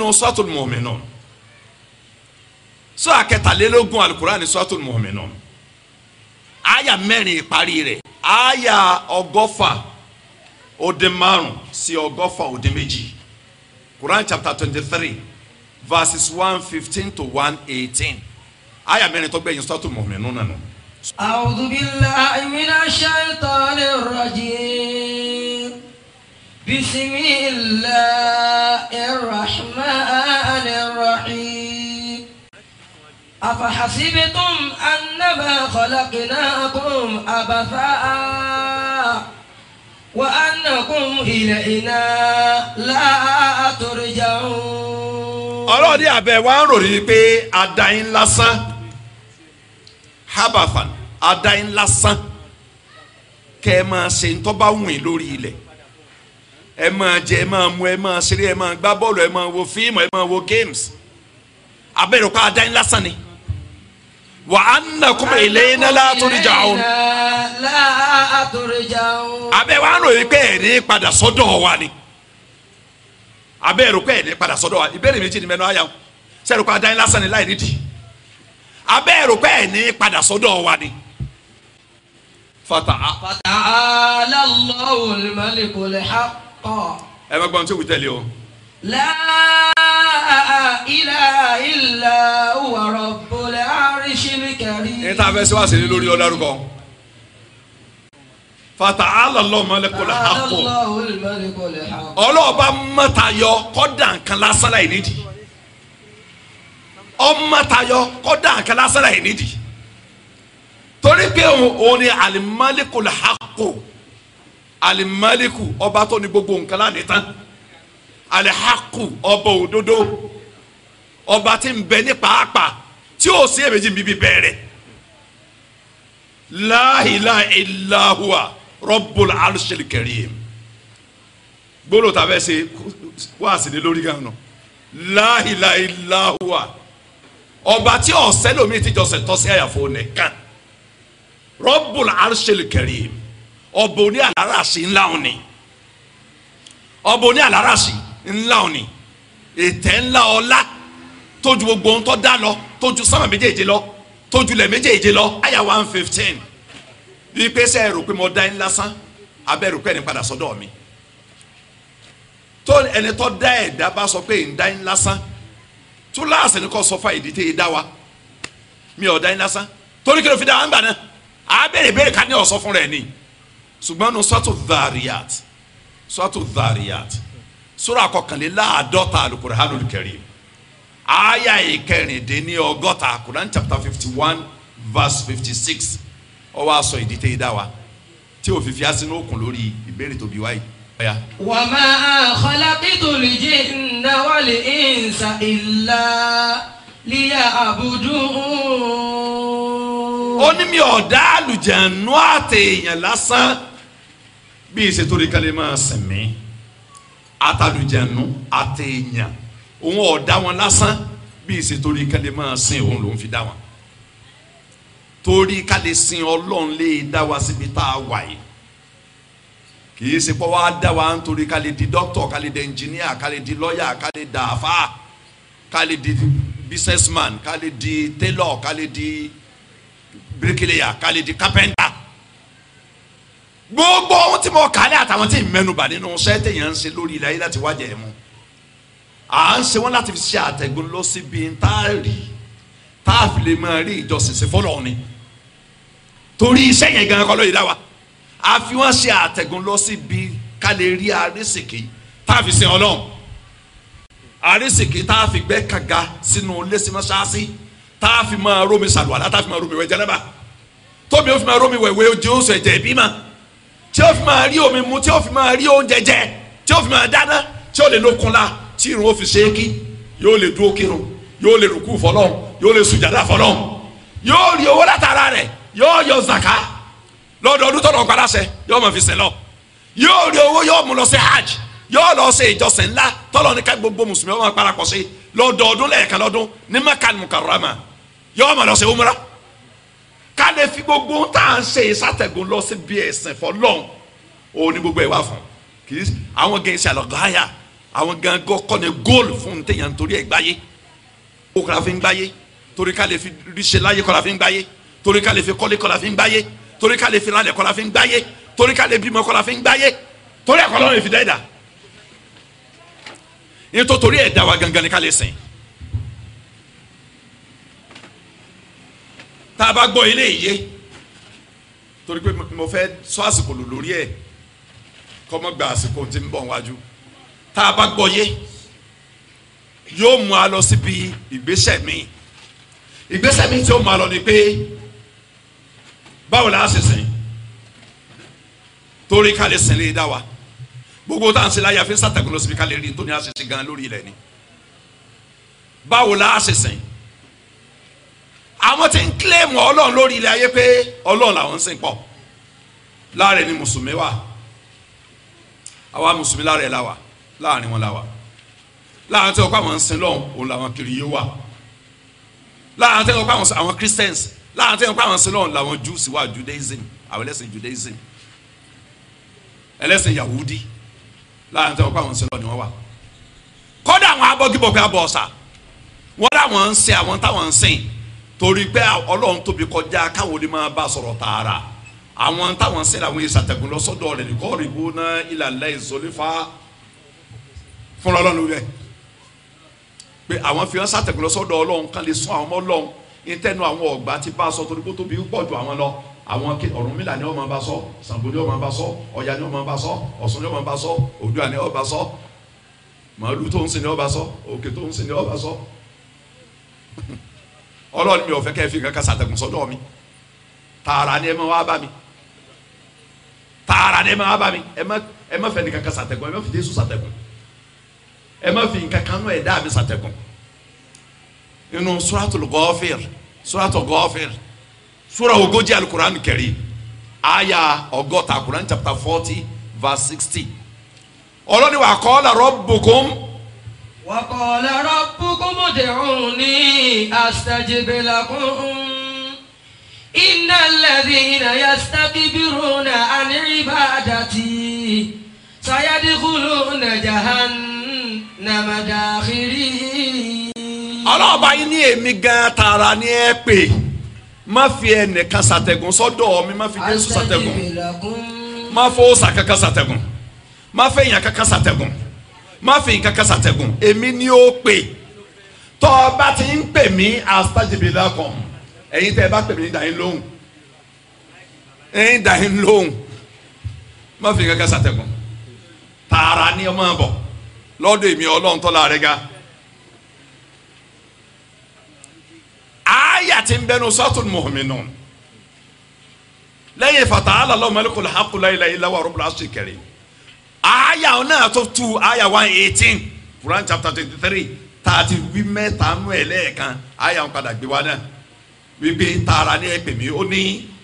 nínú suratul mu'minun sura kẹtàlélógún alukurani suratul mu'minun aya mẹ́rin ìparí rẹ̀ aya ọgọ́fà ó dín márùn sí ọgọ́fà ó dín méjì Quran chapter twenty three verses one fifteen to one eighteen aya mẹ́rin tó gbẹ̀yìn suratul mu'minun nànú. a'udhu billahi minash shaitanir rajim. بسم الله الرحمن الرحيم أفحسبتم أنما خلقناكم عبثا وأنكم إلينا لا ترجعون ọlọ́ọ̀dẹ àbẹ̀ wa ń ròrí pé adayin lásán habafan adayin lásán kẹ́ ẹ máa ṣe ń tọ́ bá wùn lórí ilẹ̀ ẹ máa jẹ ẹ máa mu ẹ máa ṣeré ẹ máa gbá bọ́ọ̀lù ẹ máa wo fíìmù ẹ máa wo games abẹ́rẹ́ adáyín lásán ni wa annakum ilayna la turja'un. abẹ́ wa ń ròyìn pé ẹ̀rí padà sọ́dọ̀ wa ni abẹ́ rò ẹ̀rí padà sọ́dọ̀ wa ìbéèrè méjì ni mẹ́nu àyà sẹ́rù kọ́ adáyín lásán ni láì nídìí abẹ́ rò pé ẹ̀rí padà sọ́dọ̀ wa ni fata. fata alallahu al-malikul haqq ẹ bá gbọ́n tí òwú tẹ̀lé o. la ilaha illa huwa rabbul arshil karim. ní tá a fẹ́ sẹ́wà sí ni lórí ọ̀dàrúkọ. fata'ala Allahu malikul haqq. ọlọ́ọ̀bá mọ̀tayọ kọ́dà nǹkan lásán láì nídìí ọmọtayọ kọ́dà nǹkan lásán láì nídìí torí pé òun ni al malikul haqq alimaliku ọba tó ní gbogbo nǹkan lánìí tán alihaku ọba òdodo ọba tí ń bẹ ní pàápàá tí ó sì èméjì bíbí bẹ̀rẹ̀ la ilaha illa huwa rabbul arshil tàbẹ́ ṣe wá sílẹ̀ lórí gan nù la ilaha ọba tí ọ̀sẹ́ lómi ti jọ sẹ̀tọ́ sí àyàfọ́ nìkan rabbul arshil karim ọba oní àlárasì ńlá òní ọba oní àlárasì ńlá òní ètè ńlá ọlá tójú gbogbo ohun tó dá lọ tójú sánmà méjèèje lọ tójú lẹ̀ méjèèje lọ àyà one fifteen bí pé sẹ́ ẹ rò pé mo dá yín lásán abẹ́ rò pé ẹni padà sọ́dọ̀ mi tó ẹni tó dá ẹ̀dá bá sọ pé ń dá yín lásán tó láàsì ni kò sọ fún ìdí tẹ́ dá wa mi ò dá yín lásán torí kí ló fi dá wa ń gbà náà àbẹ̀rẹ̀ bẹ̀rẹ̀ ká ní ọ̀sọ́ fún rẹ̀ ni ṣùgbọ́n nu sọ́tò dhariyat sọ́tò dhariyat sura kọkànléláàádọ́ta alukur'anul karim aya ìkẹrìndínní ọgọ́ta Quran chapter fifty one verse fifty six ó wá sọ ìdí tẹ́ ẹ dá wa tí òfin fi asínú òkun lórí ìbéèrè tó wáyé. wa ma khalaqtul jinna wal insa illa liya'budun. ó ní mi ò bí ìṣètòrí kálí máa sìn mí atalùjẹnu àtẹ̀yàn òun ọ̀dá wọn lásán bí ìṣètòrí kálí máa sìn òun lòún fi dá wọn torí kálí sìn ọlọ́run lè dá wa síbi tá a wà yìí kì í ṣe pé wàá dá wa nítorí kálí di dókítà kálí di ẹnjìníà kálí di lọ́yà kálí di àfáà kálí di businessman kálí di tailor kálí di bricklayer kálí di carpenter gbogbo ohun tí mo kà ní àtàwọn tí mẹ́nubà nínú iṣẹ́ téèyàn ń ṣe lórí ilẹ̀ ayé láti wájà ẹ̀ mu à ń ṣe wọn láti fi ṣe àtẹ̀gùn lọ síbi tá a rí tá a fi lè máa rí ìjọsìn sí fọlọ́ ni torí iṣẹ́ yẹn gan-an kọ́ lóye dá wa a fi wọ́n ṣe àtẹ̀gùn lọ síbi ká lè rí àrísìkí tá a fi sin ọlọ́run àrísìkí tá a fi gbẹ́ kàga sínú lẹ́sìmọ́sáàsì tá a fi máa rómi sàlùwàlá tá a fi máa rómi wẹ̀ jẹ́nẹ́bà tómi ó fi máa rómi wẹ̀ wẹ̀ ojú oṣù ẹ̀jẹ̀ ìbímọ tí ó fi máa rí omi mu tí ó fi máa rí oúnjẹ jẹ tí ó fi máa dáná tí ó lè lókun la tí irun ó fi ṣe é kí yóò lè dúró kírun yóò lè rùkú fọlọ́n yóò lè sùjàdá fọlọ́n yóò rí owó látara rẹ̀ yóò yọ zaka lọ́dọọdún tọ̀nà padàṣẹ yóò máa fi sẹ́ lọ yóò rí owó yóò mú lọ sí hajj yóò lọ sí ìjọsìn ńlá tọ́lọ́ ní ká gbogbo mùsùlùmí ó máa parapọ̀ sí lọ́dọọdún lẹ́ẹ̀kan lọ́dún ní Makkah al-Mukarrama yóò máa lọ sí umrah ká lè fi gbogbo tá à ń ṣe ìsàtẹ̀gùn lọ sí bí ẹ̀sìn fọlọ́n òun ni gbogbo ẹ̀ wá fún kì í àwọn gan ṣe àlọ́gáyà àwọn gan kọ́ ni góòlù fún téèyàn torí ẹ̀ gbáyé ó kọ́ra fi ń gbáyé torí ká lè fi ríṣe láyé kọ́ra fi ń gbáyé torí ká lè fi kọ́lé kọ́ra fi ń gbáyé torí ká lè fi lálẹ́ kọ́ra fi ń gbáyé torí ká lè bímọ kọ́ra fi ń gbáyé torí ẹ̀kọ́ lọ́rùn ìfidá ẹ̀dá ètò torí ẹ̀dá wa gangan ni ká lè sìn tá a bá gbọ́ ilé ìyé torí pé mo fẹ́ sọ àsìkò lò lórí ẹ̀ kọ́ mọ́ gba àsìkò tí ń bọ̀ wájú tá a bá gbọ́ yé yóò mú a lọ síbi ìgbésẹ̀ mi ìgbésẹ̀ mi tí ó mú a lọ ni pé báwo la ṣe sìn torí ká lè sìn lè dá wa gbogbo tá à ń ṣe láyà fi ń sàtàkùn lọ síbi ká lè rí nítorí a ṣe gan lórí ilẹ̀ ni báwo la ṣe sìn àwọn tí ń kílèmù ọlọ́run lórí ilẹ̀ ayé pé ọlọ́run làwọn ń sìn pọ̀ láàrin ni mùsùlùmí wà àwa mùsùlùmí láàrin ẹ̀ làwà láàrin wọn làwà láàrin tí wọ́n pa àwọn ń sìn lọ́hùn òun làwọn kiri yé wà láàrin tí wọ́n pa àwọn christians láàrin tí wọ́n pa àwọn ń sìn lọ́hùn làwọn jews wà judaism àwọn ẹlẹ́sìn judaism ẹlẹ́sìn yahudi láàrin tí wọ́n pa àwọn ń sìn lọ́hùn ni wọ́n wà kọ́dà àwọn abọ́gibọ̀ pé abọ́ ọ̀sà wọ́n dà wọ́n ń sìn àwọn táwọn ń sìn torí pé ọlọ́run tóbi kọjá káwọn olè máa bá sọ̀rọ̀ tààrà àwọn táwọn sẹ́ni àwọn èsì àtẹ̀gùn lọ́sọ̀dọ̀ rẹ̀ ní kọ́ọ̀rì bó ná ilà láì sọlífà fúnra ọlọ́run rẹ̀ pé àwọn fi hàn sàtẹ̀gùn lọ́sọ̀dọ̀ ọlọ́run kan lè sún àwọn ọmọ ọlọ́run ìtẹ́nu àwọn ọ̀gbà ti bá a sọ torí pé tóbi pọ̀ ju àwọn lọ àwọn ọ̀run mílà ni wọ́n máa bá sọ Ṣàngó ni wọ́n máa bá sọ Ọya ni wọ́n máa bá sọ Ọ̀ṣun ni wọ́n máa bá sọ Oòduà ni wọ́n bá sọ màálù tó ń sìn ni wọ́n bá sọ òkè tó ń sìn ni wọ́n bá ọlọ́run mi ò fẹ́ kẹ́ ẹ fi nǹkan kan ṣàtẹ̀kùn sọ́dọ̀ mi tààrà ni ẹ máa wá bá mi tààrà ni ẹ máa wá bá mi ẹ má ẹ má fẹ́ nǹkan kan ṣàtẹ̀kùn ẹ má fi Jésù ṣàtẹ̀kùn ẹ má fi nǹkan kan náà ẹ̀dá mi ṣàtẹ̀kùn inú suratul Ghafir suratul Ghafir sura ogójì alukuran kẹrì aya ọgọ́ta alukuran chapter forty verse sixty ọlọ́ni wà kọ́ ọ́ la rabbukum. وقال ربكم ادعوني أستجب لكم إن الذين يستكبرون عن عبادتي سيدخلون جهنم داخرين ọlọ́ọ̀bá yín ní èmi gan tààrà ni ẹ pè má fi ẹnìkan ṣàtẹ̀gùn sọ́dọ̀ mi má fi Jésù ṣàtẹ̀gùn má fowó sàkankan ṣàtẹ̀gùn má fẹ̀yìn kankan ṣàtẹ̀gùn má fi nǹkan kan ṣàtẹ̀gùn èmi ni ó pè tọ́ ọ bá ti ń pè mí àstájìbìlà kan ẹ̀yin tẹ́ ẹ bá pè mí dà yín lóhùn ẹ̀yin dà yín lóhùn má fi nǹkan kan ṣàtẹ̀gùn tààrà ni ọmọ bọ̀ lọ́dọ̀ èmi ọlọ́run tọ́lá rẹ̀ ga. àyà ti ń sọ́tún mu'minun lẹ́yìn fatahàlà lọ́wọ́ malikul haqq la ilaha illa huwa rabbul arshil karim aya náà tó tu aya one eighteen Quran chapter twenty three tààtì wí mẹ́ta nú ẹ̀ lẹ́ẹ̀kan aya ń padà gbé wa náà wípé taara ní ẹgbẹ́ mi ó ní.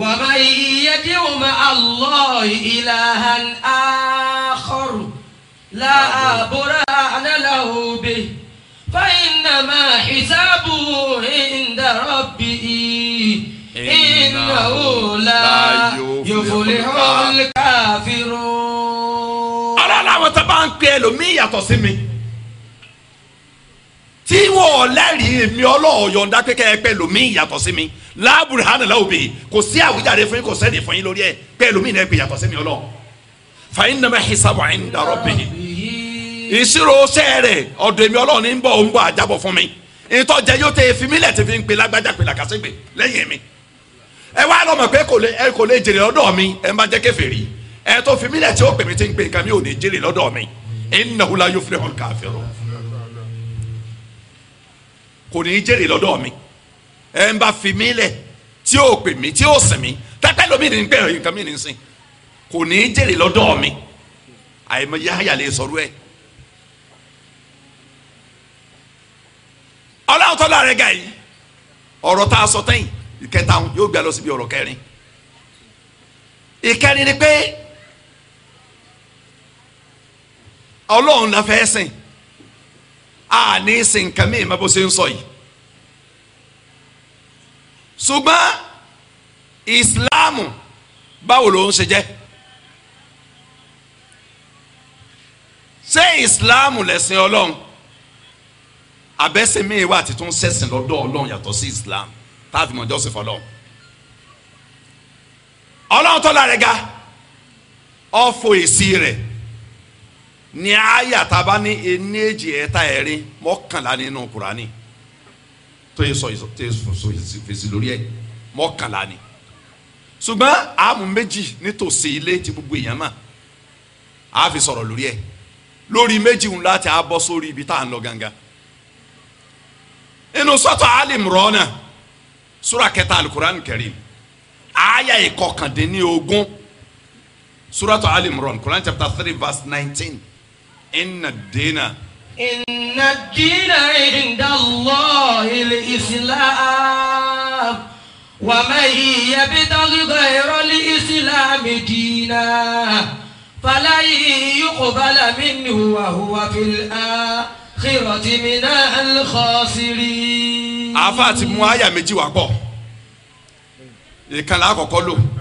wa man yad'u ma'a Allahi ilahan akhar la burhana lahu bihi fa innama hisabuhu inda rabbihi innahu la yuflihul kafirun pe ẹlòmíì yàtọ̀ sí mi tí wọn ò lẹ́rìí èmi ọlọ́ọ̀yọ̀ǹda pé kẹ́ẹ̀pẹ́ ẹlòmíì yàtọ̀ sí mi láàbùrẹ́hánà láòbí kò sí àwùjáde fún yín kò sẹ́ni fún yín lórí ẹ̀ pé ẹlòmíì náà pè yàtọ̀ sí mi ọlọ́ọ̀ fàyín nàmẹ́ hisabu àyín darọ́ bìyì ìṣirò sẹ́ẹ̀rẹ̀ ọ̀dọ̀ èmi ọlọ́ọ̀ ní ń bọ̀ ń bọ̀ àjábọ̀ fún mi ìtọ́jẹ yóò tẹ efimilẹ̀ tẹ fi ń pe lágbájá pe làkàṣẹ́gbè lẹ́yìn mi ẹ wá lọ́mọ mi ẹ má jẹ́ kèfèrí ẹ tó fimilẹ̀ tí ó pèmí ti ń pe nǹkan mi ò lè jèrè lọ́dọ̀ mi innahu la yuflihul kafirun kò ní í jèrè lọ́dọ̀ mi ẹ ń bá fi mí lẹ̀ tí ó pè mí tí ó sìn mí tẹ́tẹ́ lómi ní pẹ́ nǹkan mi ní sìn kò ní í jèrè lọ́dọ̀ mi àìmọ̀ yáyà lè sọ̀rọ̀ ẹ̀. ọlọ́run tó lára yìí ọ̀rọ̀ tá a sọ tẹ́yìn ìkẹta yóò gbé lọ síbi ọ̀rọ̀ kẹrin ìkẹrin ni pé. ọlọ́run la fẹ́ sìn a ní sìn nǹkan mí ìmọ̀ bó ṣe ń sọ yìí ṣùgbọ́n ìsìláàmù báwo ló ń ṣe jẹ́ ṣé ìsìláàmù lẹ̀sìn ọlọ́run abẹ́sìn mi wà títún sẹ́sìn lọ́dọ̀ ọlọ́run yàtọ̀ sí ìsìláàmù táàfin mọ̀ jọ́sìn fọlọ́run ọlọ́run tọ́lá rẹ̀ ga ọ̀fọ̀ èsì rẹ̀ ní àyà tá a bá ní ení èjì ẹ̀ta ẹ̀rin mọ́kànlá nínú Kùránì tó yẹ sọ sọ fèsì lórí ẹ̀ mọ́kànlá ni ṣùgbọ́n àmú méjì nítòsí ilé tí gbogbo èèyàn mà á fi sọ̀rọ̀ lórí ẹ̀ lórí méjì ńlá tí a bọ́ sórí ibi tá à ń lọ gangan inú sọ́tọ̀ alimrọ́nà sura kẹta alukuran karim aya ìkọkàndínní ogún sura tó alimron Quran chapter three verse nineteen inna dina. inna dina inda Allahi al-Islam wa man yabtaghi ghayra al-Islam dina falan yuqbala minhu wa huwa fil akhirati minal khasirin. àáfàá ti mú àyà méjì wá pọ̀ ìkànnì àkọ́kọ́ lò.